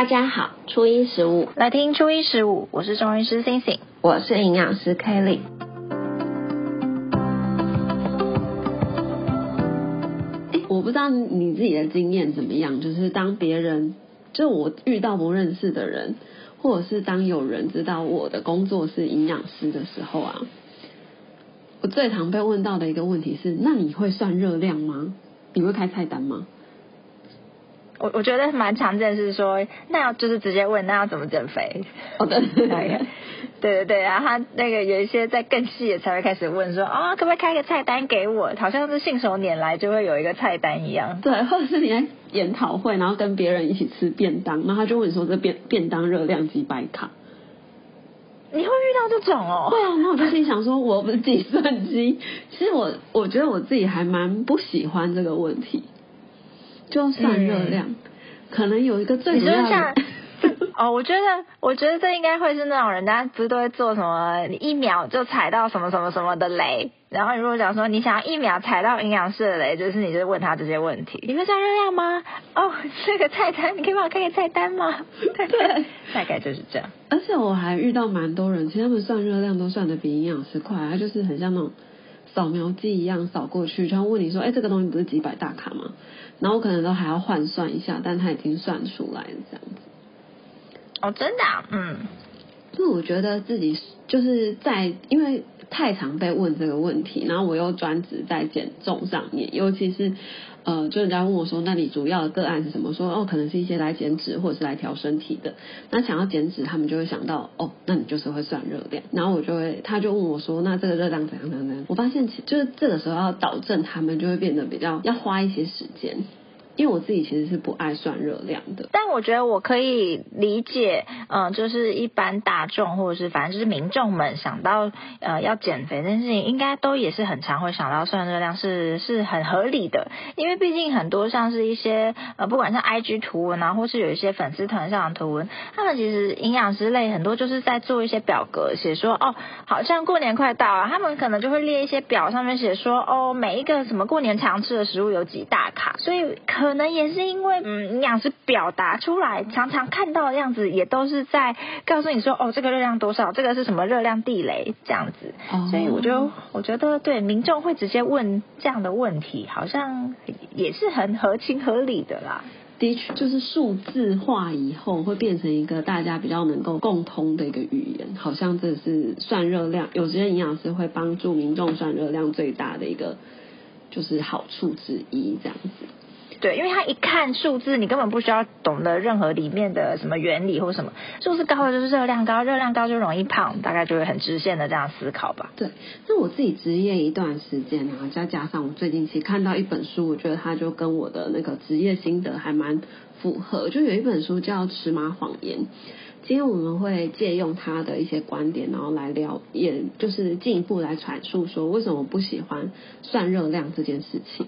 大家好，初一十五來聽初一十五，我是中醫師 CinCin，我是營養師 Kelly。哎，我不知道你自己的經驗怎麼樣，就是當別人，就我遇到不認識的人，或者是當有人知道我的工作是營養師的時候啊，我最常被問到的一個問題是：那你會算熱量嗎？你會開菜單嗎？我我覺得蠻常見的，是說那要就是直接問，那要怎麼減肥？好、哦、對對對，對，對，然後他那個有一些在更細的才會開始問說，說、哦、啊，可不可以開一個菜單給我？好像是信手拈來就會有一個菜單一樣。對，或者是你在研討會，然後跟別人一起吃便當，然後他就問說這便便當熱量幾百卡？你會遇到這種哦？對啊，那我就心想說，我不是計算機， 其實我我覺得我自己還蠻不喜歡這個問題。就算熱量，嗯、可能有一個最像 哦。我覺得，我覺得這應該會是那種人家不是都會做什麼，一秒就踩到什麼什麼什麼的雷。然後你如果講說你想要一秒踩到營養師的雷，就是你就是問他這些問題。你們算熱量嗎？哦，這個菜單，你可以幫我看個菜單嗎？對對， 大概就是這樣。而且我還遇到蠻多人，其實他們算熱量都算得比營養師快，他就是很像那種。掃描機一樣掃過去，然後問你說：“哎、欸，這個東西不是幾百大卡嗎？”然後我可能都還要換算一下，但他已經算出來這樣子。哦，oh, 真的，啊，嗯，就我覺得自己就是在因為。太常被問這個問題，然後我又專職在減重上面，尤其是，呃，就人家問我說，那你主要的個案是什麼？說哦，可能是一些來減脂或者是來調身體的。那想要減脂，他們就會想到哦，那你就是會算熱量。然後我就會，他就問我說，那這個熱量怎樣怎樣怎樣？我發現其就是這個時候要導正他們，就會變得比較要花一些時間。因為我自己其實是不愛算熱量的，但我覺得我可以理解，嗯、呃，就是一般大眾或者是反正就是民眾們想到呃要減肥這件事情，應該都也是很常會想到算熱量是，是是很合理的。因為畢竟很多像是一些呃，不管是 IG 圖文啊，或是有一些粉絲團上的圖文，他們其實營養師類很多就是在做一些表格，寫說哦，好像過年快到了，他們可能就會列一些表，上面寫說哦，每一個什麼過年常吃的食物有幾大卡，所以可。可能也是因為，嗯，營養師表達出來，常常看到的樣子也都是在告訴你說，哦，這個熱量多少，這個是什麼熱量地雷這樣子，哦、所以我就我覺得，對民眾會直接問這樣的問題，好像也是很合情合理的啦。的確，就是數字化以後會變成一個大家比較能夠共通的一個語言，好像這是算熱量，有些營養師會幫助民眾算熱量最大的一個就是好處之一，這樣子。對，因為他一看數字，你根本不需要懂得任何裡面的什麼原理或什麼，數字高了就是熱量高，熱量高就容易胖，大概就會很直線的這樣思考吧。對，那我自己執業一段時間啊，再加上我最近其實看到一本書，我覺得他就跟我的那個職業心得還蠻符合。就有一本書叫《尺碼謊言》，今天我們會借用他的一些觀點，然後來聊，也就是進一步來闡述說為什麼我不喜歡算熱量這件事情。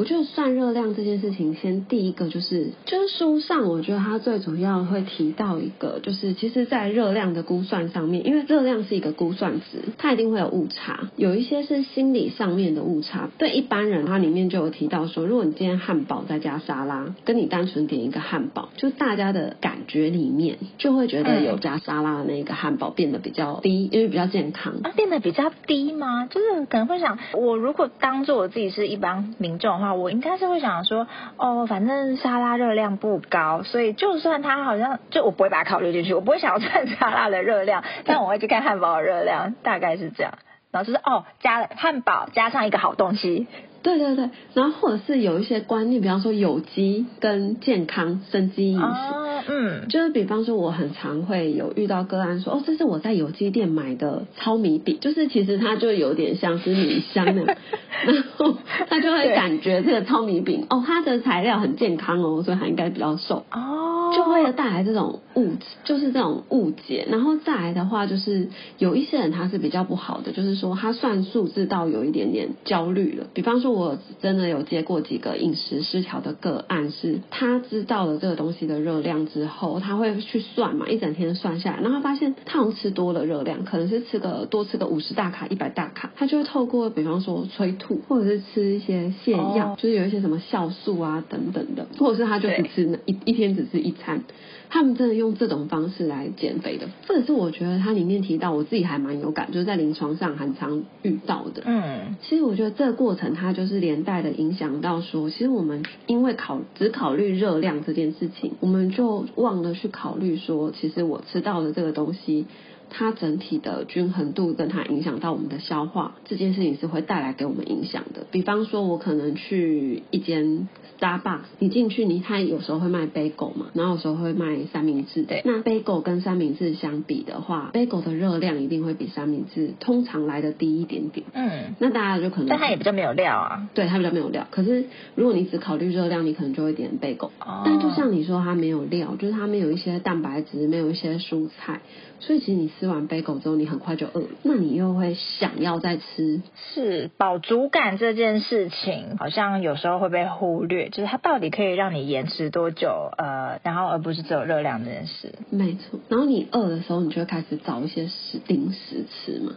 我覺得算熱量這件事情，先第一個就是，就是書上我覺得它最主要會提到一個，就是其實，在熱量的估算上面，因為熱量是一個估算值，它一定會有誤差。有一些是心理上面的誤差。對一般人，它裡面就有提到說，如果你今天漢堡再加沙拉，跟你單純點一個漢堡，就大家的感覺裡面就會覺得有加沙拉的那個漢堡變得比較低，因為比較健康。嗯啊。變得比較低嗎？就是可能會想，我如果當做我自己是一般民眾的話。我應該是會想說，哦，反正沙拉熱量不高，所以就算它好像，就我不會把它考慮進去，我不會想要看沙拉的熱量，但我會去看漢堡的熱量，大概是這樣。然後就是，哦，加了漢堡加上一個好東西。對對對，然後或者是有一些觀念，比方說有機跟健康、生機飲食，哦、嗯，就是比方說我很常會有遇到個案說，哦，這是我在有機店買的糙米餅，就是其實它就有點像是米香的 然後他就會感覺這個糙米餅，對哦，它的材料很健康哦，所以它應該比較瘦哦，就會帶來這種誤，就是這種誤解，然後再來的話就是有一些人他是比較不好的，就是說他算數字到有一點點焦慮了，比方說。我真的有接過幾個飲食失調的個案，是他知道了這個東西的熱量之後，他會去算嘛，一整天算下來，然後他發現他好像吃多了熱量，可能是吃個多吃個五十大卡，一百大卡，他就會透過比方說催吐，或者是吃一些瀉藥，Oh. 就是有一些什麼酵素啊等等的，或者是他就只吃那一對一,一天只吃一餐，他們真的用這種方式來減肥的，或者是我覺得他裡面提到，我自己還蠻有感，就是在臨床上很常遇到的。嗯，其實我覺得這個過程他就。就是連帶的影響到說，其實我們因為考只考慮熱量這件事情，我們就忘了去考慮說，其實我吃到的這個東西。它整體的均衡度跟它影響到我們的消化這件事情是會帶來給我們影響的。比方說，我可能去一間 Starbucks，你進去，你看有時候會賣 bagel 嘛，然後有時候會賣三明治的。對那 bagel 跟三明治相比的話，bagel 的熱量一定會比三明治通常來的低一點點。嗯。那大家就可能，但它也比較沒有料啊。對，它比較沒有料。可是如果你只考慮熱量，你可能就會點 bagel。哦。但就像你說，它沒有料，就是它沒有一些蛋白質，沒有一些蔬菜，所以其實你是。吃完貝果之後，你很快就餓了。那你又會想要再吃，是飽足感這件事情，好像有時候會被忽略，就是它到底可以讓你延遲多久？呃，然後而不是只有熱量這件事。沒錯。然後你餓的時候，你就會開始找一些食零食吃嘛，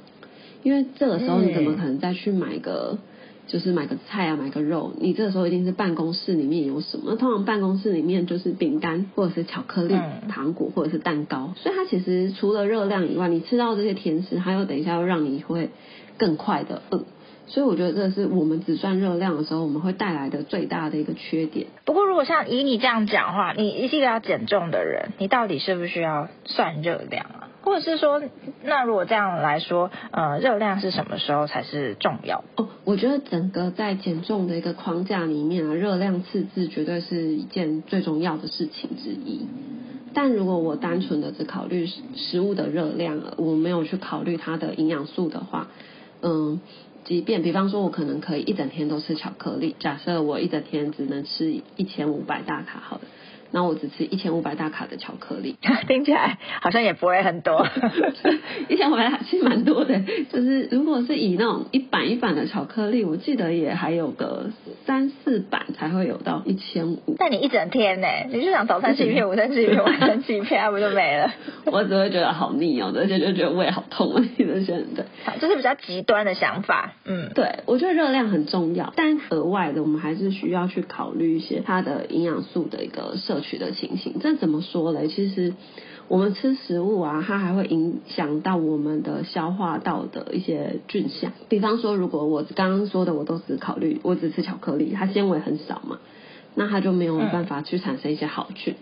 因為這個時候你怎麼可能再去買個，嗯就是買個菜啊，買個肉，你這個時候一定是辦公室裡面有什麼？通常辦公室裡面就是餅乾或者是巧克力、糖果或者是蛋糕，所以它其實除了熱量以外，你吃到這些甜食，它又等一下又讓你會更快的餓，所以我覺得這是我們只算熱量的時候，我們會帶來的最大的一個缺點。不過如果像以你這樣講的話，你一個要減重的人，你到底是不是要算熱量啊？或者是說，那如果這樣來說，呃，熱量是什麼時候才是重要？哦，oh, 我覺得整個在減重的一個框架裡面啊，熱量赤字絕對是一件最重要的事情之一。但如果我單純的只考慮食物的熱量，我沒有去考慮它的營養素的話，嗯，即便比方說我可能可以一整天都吃巧克力，假設我一整天只能吃一千五百大卡，好了。那我只吃一千五百大卡的巧克力，聽起來好像也不會很多，一千五百大卡其實蠻多的、欸。就是如果是以那種一板一板的巧克力，我記得也還有個三四板才會有到一千五。但你一整天呢、欸？你就想早餐吃一片，午餐一片，晚餐一片，不就沒了？我只會覺得好膩哦、喔，而且就覺得胃好痛啊、欸，你的選擇。這是比較極端的想法，嗯，對，我覺得熱量很重要，但額外的我們還是需要去考慮一些它的營養素的一個攝。取的情形，這怎麼說嘞？其實我們吃食物啊，它還會影響到我們的消化道的一些菌相。比方說，如果我剛剛說的，我都只考慮我只吃巧克力，它纖維很少嘛，那它就沒有辦法去產生一些好菌。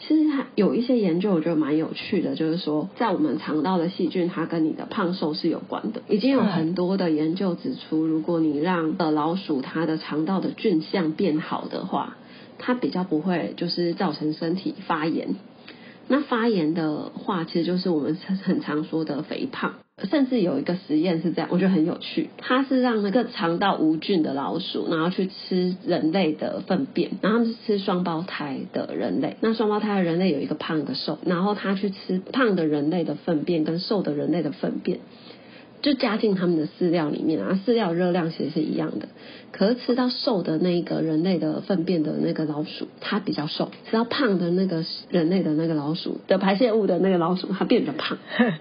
其實它有一些研究，我覺得蠻有趣的，就是說在我們腸道的細菌，它跟你的胖瘦是有關的。已經有很多的研究指出，如果你讓老鼠它的腸道的菌相變好的話。它比較不會就是造成身體發炎，那發炎的話，其實就是我們很常說的肥胖。甚至有一個實驗是這樣，我覺得很有趣。它是讓那個腸道無菌的老鼠，然後去吃人類的糞便，然後他們是吃雙胞胎的人類。那雙胞胎的人類有一個胖一個瘦，然後他去吃胖的人類的糞便跟瘦的人類的糞便。就加進他們的飼料裡面啊，飼料熱量其實是一樣的，可是吃到瘦的那個人類的糞便的那個老鼠，它比較瘦；吃到胖的那個人類的那個老鼠的排泄物的那個老鼠，它變得胖呵呵。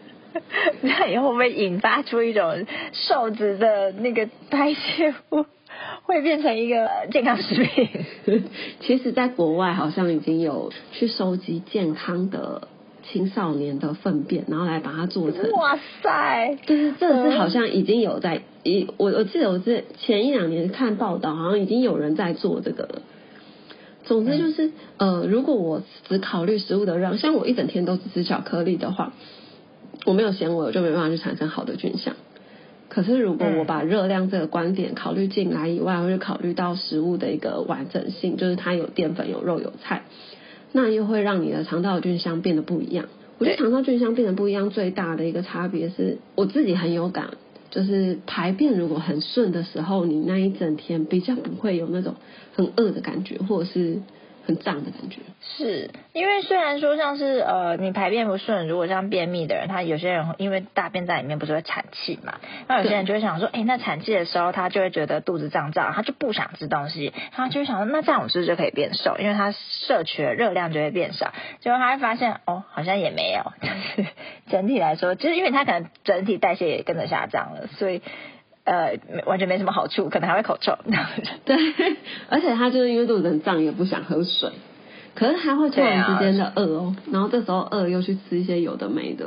那以後會引發出一種瘦子的那個排泄物會變成一個健康食品。 其實，在國外好像已經有去收集健康的。青少年的糞便，然後來把它做成。哇塞！就是這是好像已經有在，一我、嗯、我記得我之前一兩年看報道，好像已經有人在做這個了。總之就是，嗯、呃，如果我只考慮食物的量，像我一整天都只吃巧克力的話，我沒有纖維，我就沒辦法去產生好的菌相。可是如果我把熱量這個觀點考慮進來以外，我就考慮到食物的一個完整性，就是它有澱粉、有肉、有菜。那又會讓你的腸道的菌相變得不一樣。我覺得腸道菌相變得不一樣，最大的一個差別是，我自己很有感，就是排便如果很順的時候，你那一整天比較不會有那種很餓的感覺，或者是。很脹的感覺，是因為雖然說像是呃，你排便不順，如果像便秘的人，他有些人因為大便在裡面，不是會產氣嘛？那有些人就會想說，哎對、欸，那產氣的時候，他就會覺得肚子脹脹，他就不想吃東西，他就會想說，那這樣我是不是就可以變瘦？因為他攝取的熱量就會變少，結果他會發現，哦，好像也沒有，就是整體來說，其實因為他可能整體代謝也跟着下降了，所以。呃沒，完全沒什麼好處，可能還會口臭。 對，而且他就是因為肚子很脹，也不想喝水，可是他會突然之間的餓哦，啊、然後這時候餓又去吃一些有的沒的。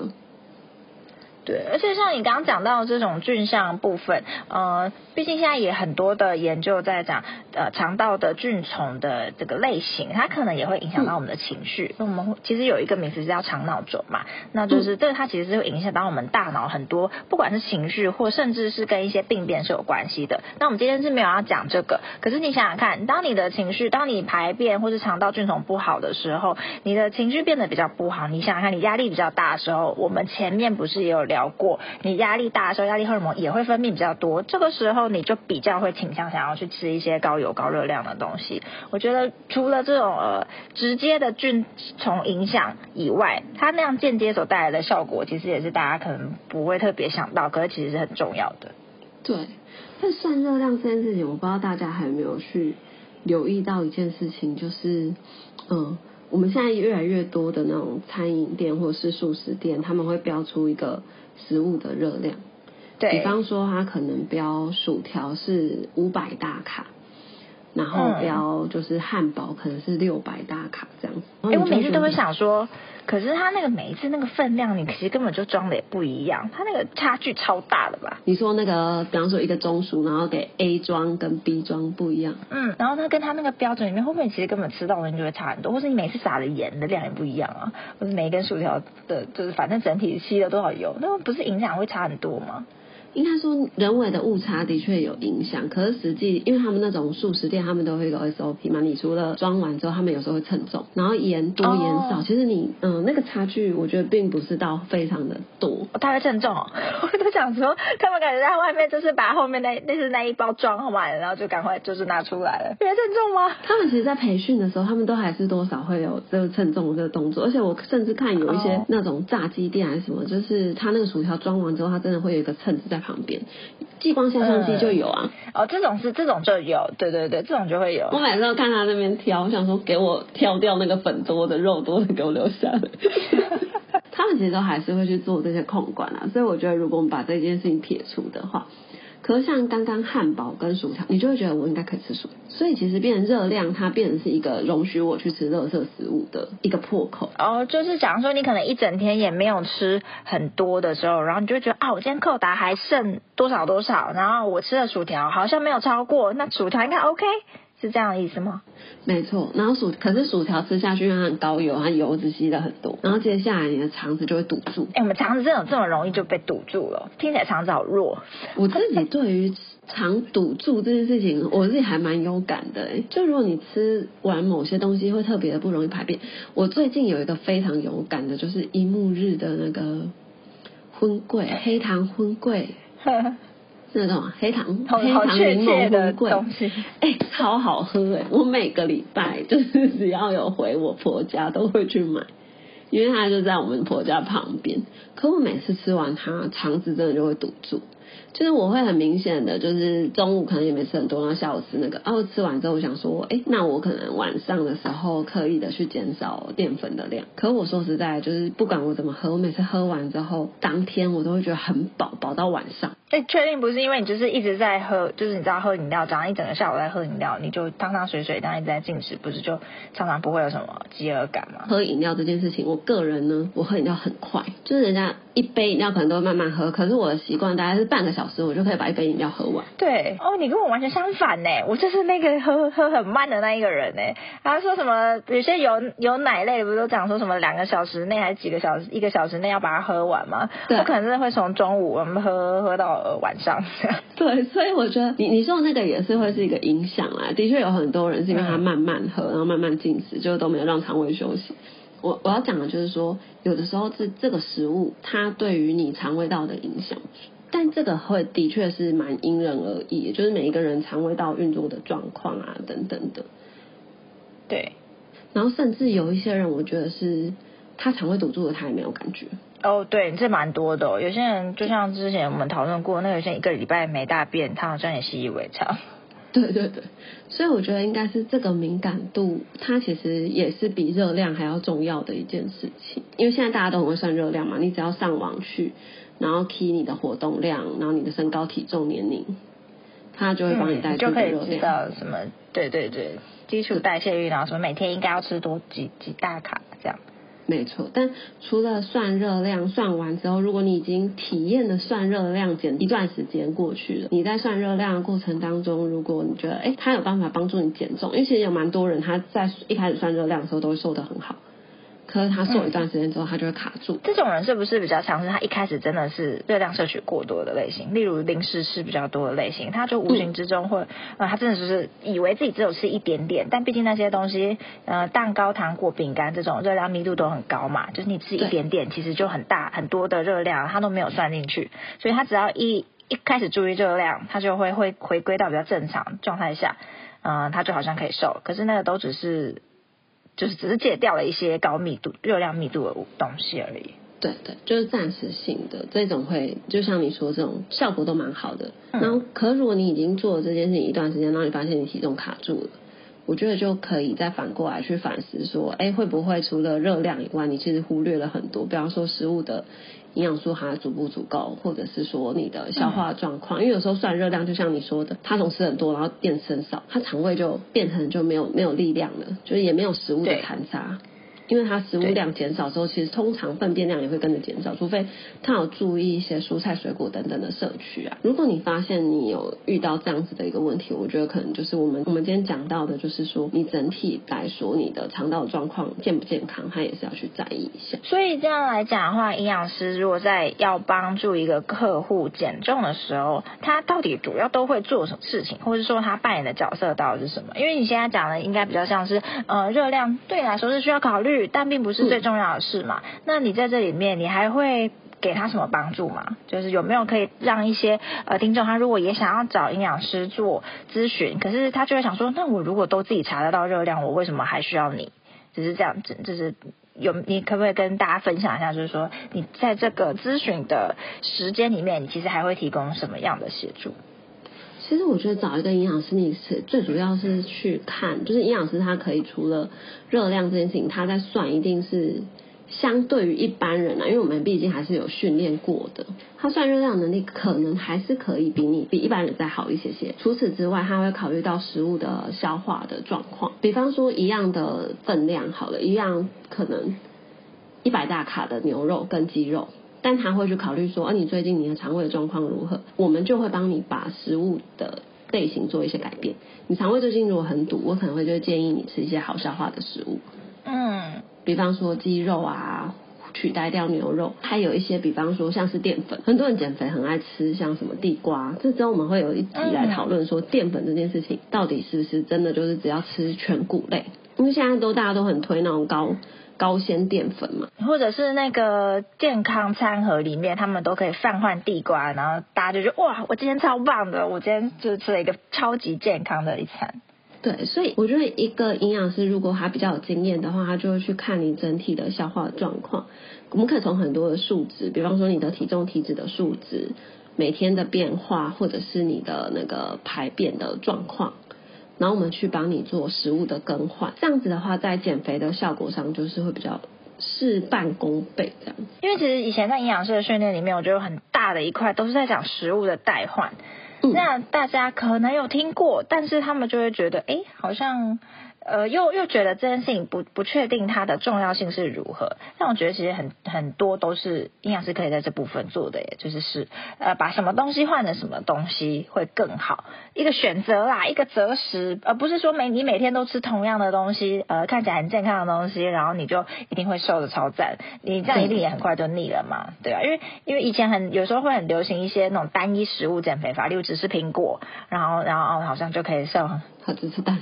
對，而且像你剛剛講到這種菌相部分，呃，畢竟現在也很多的研究在講，呃，腸道的菌叢的這個類型，它可能也會影響到我們的情緒。那、嗯、我們其實有一個名詞是叫腸腦軸嘛，那就是這個、嗯、它其實是會影響到我們大腦很多，不管是情緒或甚至是跟一些病變是有關係的。那我們今天是沒有要講這個，可是你想想看，當你的情緒，當你排便或是腸道菌叢不好的時候，你的情緒變得比較不好，你想想看，你壓力比較大的時候，我們前面不是也有聊。聊過，你壓力大的時候，壓力荷爾蒙也會分泌比較多。這個時候，你就比較會傾向想要去吃一些高油高熱量的東西。我覺得除了這種呃直接的菌叢影響以外，它那樣間接所帶來的效果，其實也是大家可能不會特別想到，可是其實是很重要的。對，那算熱量這件事情，我不知道大家還有沒有去留意到一件事情，就是嗯，我們現在越來越多的那種餐飲店或者是速食店，他們會標出一個。食物的熱量，比方說，它可能標薯條是五百大卡。然後標就是漢堡，可能是六百大卡這樣子。哎、嗯，我每次都會想說，可是它那個每一次那個分量，你其實根本就裝的也不一樣，它那個差距超大的吧？你說那個，比方說一個中薯，然後給 A 裝跟 B 裝不一樣。嗯，然後它跟它那個標準裡面，會不會其實根本吃到的就會差很多？或是你每次撒的鹽的量也不一樣啊？或是每一根薯條的，就是反正整體吸了多少油，那不是營養會差很多嗎？應該說人為的誤差的確有影響，可是實際，因為他們那種速食店，他們都會有個 SOP 嘛，你除了裝完之後，他們有時候會稱重，然後鹽多鹽少，oh. 其實你嗯那個差距，我覺得並不是到非常的多。他還會稱重？哦，我都想說，他們感覺在外面就是把後面那那是那一包裝完，然後就趕快就是拿出來了，別稱重嗎？他們其實，在培訓的時候，他們都還是多少會有這個稱重這個動作，而且我甚至看有一些那種炸雞店還是什麼，就是他那個薯條裝完之後，他真的會有一個秤子在。旁邊，激光攝像機就有啊、嗯。哦，這種是這種就有，對對對，這種就會有。我每次都看他那邊挑，我想說給我挑掉那個粉多的肉多的給我留下來。 他們其實都還是會去做這些控管啊，所以我覺得如果我們把這件事情撇除的話。可是像剛剛漢堡跟薯條，你就會覺得我應該可以吃薯條，所以其實變成熱量，它變成是一個容許我去吃垃圾食物的一個破口。哦，就是假如說你可能一整天也沒有吃很多的時候，然後你就會覺得啊，我今天扣打還剩多少多少，然後我吃了薯條好像沒有超過，那薯條應該 OK。是這樣的意思嗎？沒錯，然後薯，可是薯條吃下去，因為它很高油，它油脂吸的很多，然後接下來你的腸子就會堵住。哎、欸，我們腸子真的這麼容易就被堵住了？聽起來腸子好弱。我自己對於腸堵住這件事情， 我自己還蠻有感的、欸。哎，就如果你吃完某些東西，會特別的不容易排便。我最近有一個非常有感的，就是一沐日的那個粉粿黑糖粉粿。 那種黑糖黑糖檸檬的東西，哎、欸，超好喝哎、欸！我每個禮拜就是只要有回我婆家，都會去買，因為它就在我們婆家旁邊。可我每次吃完它，腸子真的就會堵住，就是我會很明顯的，就是中午可能也沒吃很多，然後下午吃那個，啊，我吃完之後，我想說，哎、欸，那我可能晚上的時候刻意的去減少澱粉的量。可我說實在，就是不管我怎麼喝，我每次喝完之後，當天我都會覺得很飽飽到晚上。欸、你確定不是因為你就是一直在喝，就是你知道喝飲料，早上一整個下午在喝飲料，你就湯湯水水，然後一直在進食，不是就常常不會有什麼飢餓感嗎？喝飲料這件事情，我個人呢，我喝飲料很快，就是人家一杯飲料可能都慢慢喝，可是我的習慣大概是半個小時，我就可以把一杯飲料喝完。對，哦，你跟我完全相反呢，我就是那個喝喝很慢的那一個人呢。他、啊、說什麼？有些有有奶類，不是都講說什麼兩個小時內還是幾個小時，一個小時內要把它喝完嗎？對我可能真的會從中午我們喝喝到。晚上，對，所以我覺得你你說的那個也是會是一個影響啦。的確有很多人是因為他慢慢喝，嗯、然後慢慢進食，就是都沒有讓腸胃休息。我我要講的就是說，有的時候是這，這個食物它對於你腸胃道的影響，但這個會的確是蠻因人而異，就是每一個人腸胃道運作的狀況啊等等的。對，然後甚至有一些人，我覺得是他腸胃堵住了，他也沒有感覺。哦，oh, 對，這蠻多的哦。有些人就像之前我們討論過，那有些人一個禮拜沒大便，他好像也習以為常。對對對，所以我覺得應該是這個敏感度，它其實也是比熱量還要重要的一件事情。因為現在大家都很會算熱量嘛，你只要上網去，然後 key 你的活動量，然後你的身高、體重、年齡，它就會幫你帶出，嗯，你就可以知道什麼。對對對，基礎代謝率，然後什麼每天應該要吃多幾幾大卡這樣。沒錯，但除了算熱量，算完之後，如果你已經體驗了算熱量減一段時間過去了，你在算熱量的過程當中，如果你覺得，哎，他有辦法幫助你減重，因為其實有蠻多人他在一開始算熱量的時候都會瘦得很好。可是他瘦一段時間之後，嗯、他就會卡住。這種人是不是比較常是，他一開始真的是熱量攝取過多的類型，例如零食吃比較多的類型，他就無形之中會，嗯、呃，他真的就是以為自己只有吃一點點，但畢竟那些東西，呃，蛋糕、糖果、餅乾這種熱量密度都很高嘛，就是你吃一點點，對其實就很大很多的熱量，他都沒有算進去。所以他只要一一開始注意熱量，他就會會回歸到比較正常狀態下，嗯、呃，他就好像可以瘦。可是那個都只是。就是只是戒掉了一些高密度熱量密度的東西而已，對對，就是暫時性的這種會，就像你說這種效果都蠻好的。嗯、然後，可如果你已經做了這件事情一段時間，然後你發現你體重卡住了，我覺得就可以再反過來去反思說，誒、欸，會不會除了熱量以外，你其實忽略了很多，比方說食物的。營養素還足不足夠，或者是說你的消化狀況，嗯、因為有時候算熱量，就像你說的，他總吃很多，然後變很少，他腸胃就變成就沒有沒有力量了，就是也沒有食物的殘渣。因為它食物量減少之後，其實通常糞便量也會跟着減少，除非他有注意一些蔬菜、水果等等的攝取啊。如果你發現你有遇到這樣子的一個問題，我覺得可能就是我們我們今天講到的，就是說你整體來說你的腸道狀況健不健康，它也是要去在意一下。所以這樣來講的話，營養師如果在要幫助一個客戶減重的時候，他到底主要都會做什麼事情，或是說他扮演的角色到底是什麼？因為你現在講的應該比較像是，呃，熱量對你，啊，來說是需要考慮。但並不是最重要的事嘛。嗯。那你在這裡面，你還會給他什麼幫助嗎？就是有沒有可以讓一些呃聽眾，他如果也想要找營養師做諮詢，可是他就會想說，那我如果都自己查得到熱量，我為什麼還需要你？只是這樣子。就是有你可不可以跟大家分享一下，就是說你在這個諮詢的時間裡面，你其實還會提供什麼樣的協助？其實我覺得找一個營養師，你是最主要是去看，就是營養師他可以除了熱量這件事情，他在算一定是相對於一般人啊，因為我們畢竟還是有訓練過的，他算熱量能力可能還是可以比你比一般人再好一些些。除此之外，他會考慮到食物的消化的狀況，比方說一樣的分量好了，一樣可能一百大卡的牛肉跟雞肉。但他會去考慮說，啊，你最近你的腸胃的狀況如何？我們就會幫你把食物的類型做一些改變。你腸胃最近如果很堵，我可能會就會建議你吃一些好消化的食物。嗯，比方說雞肉啊，取代掉牛肉。還有一些，比方說像是澱粉，很多人減肥很愛吃像什麼地瓜。這之後我們會有一集來討論說，澱粉這件事情到底是不是真的就是只要吃全穀類？因為現在都大家都很推那種高。高纖澱粉嘛，或者是那個健康餐盒裡面，他們都可以放換地瓜，然後大家就覺得哇，我今天超棒的，我今天就是吃了一個超級健康的一餐。對，所以我覺得一個營養師如果他比較有經驗的話，他就會去看你整體的消化狀況。我們可以從很多的數值，比方說你的體重、體脂的數值，每天的變化，或者是你的那個排便的狀況。然後我們去幫你做食物的更換，這樣子的話，在減肥的效果上就是會比較事半功倍這樣。因為其實以前在營養師的訓練裡面，我覺得很大的一塊都是在講食物的代換，嗯、那大家可能有聽過，但是他們就會覺得，哎，好像。呃，又又覺得這件事情不不確定它的重要性是如何，但我覺得其實很很多都是營養師可以在這部分做的耶，就是是呃把什麼東西換了什麼東西會更好，一個選擇啦，一個擇食，而、呃、不是說你每你每天都吃同樣的東西，呃看起來很健康的東西，然後你就一定會瘦得超讚，你這樣一定也很快就膩了嘛，對啊，因為因為以前很有時候會很流行一些那種單一食物減肥法，例如只是蘋果，然後然後好像就可以瘦。他只吃蛋，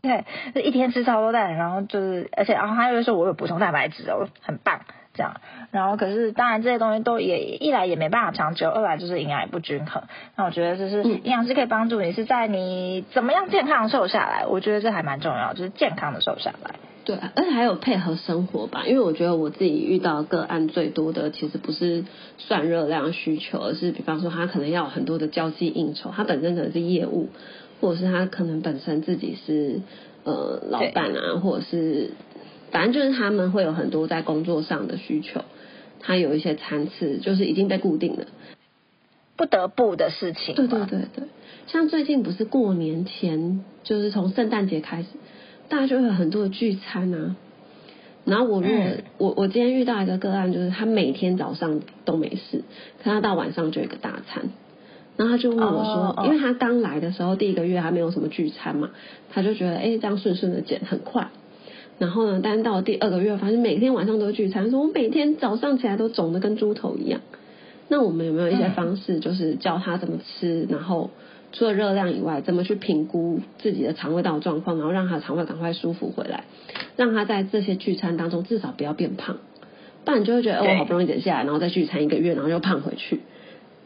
對，就一天吃超多蛋，然後就是，而且然後、哦、他又說，我有補充蛋白質哦，很棒這樣。然後可是，當然這些東西都也一來也沒辦法長久，二來就是營養也不均衡。那我覺得就是營養師可以幫助你，是在你怎麼樣健康的瘦下來，我覺得這還蠻重要，就是健康的瘦下來。對，而且還有配合生活吧，因為我覺得我自己遇到個案最多的，其實不是算熱量需求，而是比方說他可能要很多的交際應酬，他本身可能是業務。或者是他可能本身自己是呃老闆啊，對或者是反正就是他們會有很多在工作上的需求，他有一些餐次就是已經被固定了，不得不的事情。對對對對，像最近不是過年前，就是從聖誕節開始，大家就會有很多的聚餐啊。然後我如果、嗯、我我今天遇到一個個案，就是他每天早上都沒事，可是他到晚上就有一個大餐。然後他就問我說，oh, oh. 因為他剛來的時候第一個月還沒有什麼聚餐嘛，他就覺得哎、欸、這樣順順的減很快。然後呢，但是到了第二個月，發現每天晚上都聚餐，說我每天早上起來都腫的跟豬頭一樣。那我們有沒有一些方式，就是教他怎麼吃，嗯、然後除了熱量以外，怎麼去評估自己的腸胃道狀況，然後讓他腸胃趕快舒服回來，讓他在這些聚餐當中至少不要變胖，不然你就會覺得哦，好不容易減下來，然後再聚餐一個月，然後又胖回去。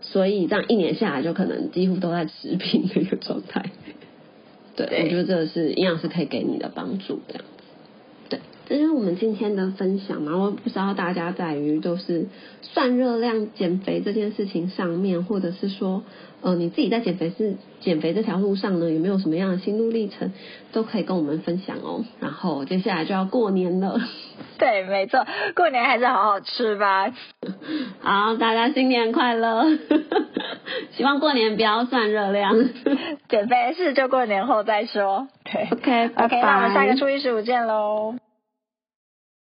所以這樣一年下來，就可能幾乎都在持平的一個狀態。對，我覺得這個是營養師可以給你的幫助，這樣。因為我們今天的分享嘛，我不知道大家在於就是算熱量減肥這件事情上面，或者是說，呃，你自己在減肥是減肥這條路上呢，有沒有什麼樣的心路歷程，都可以跟我們分享哦。然後接下來就要過年了，對，沒錯，過年還是好好吃吧。好，大家新年快樂， 希望過年不要算熱量減肥，是就過年後再說。對，OK OK，那我們下個初一十五見嘍。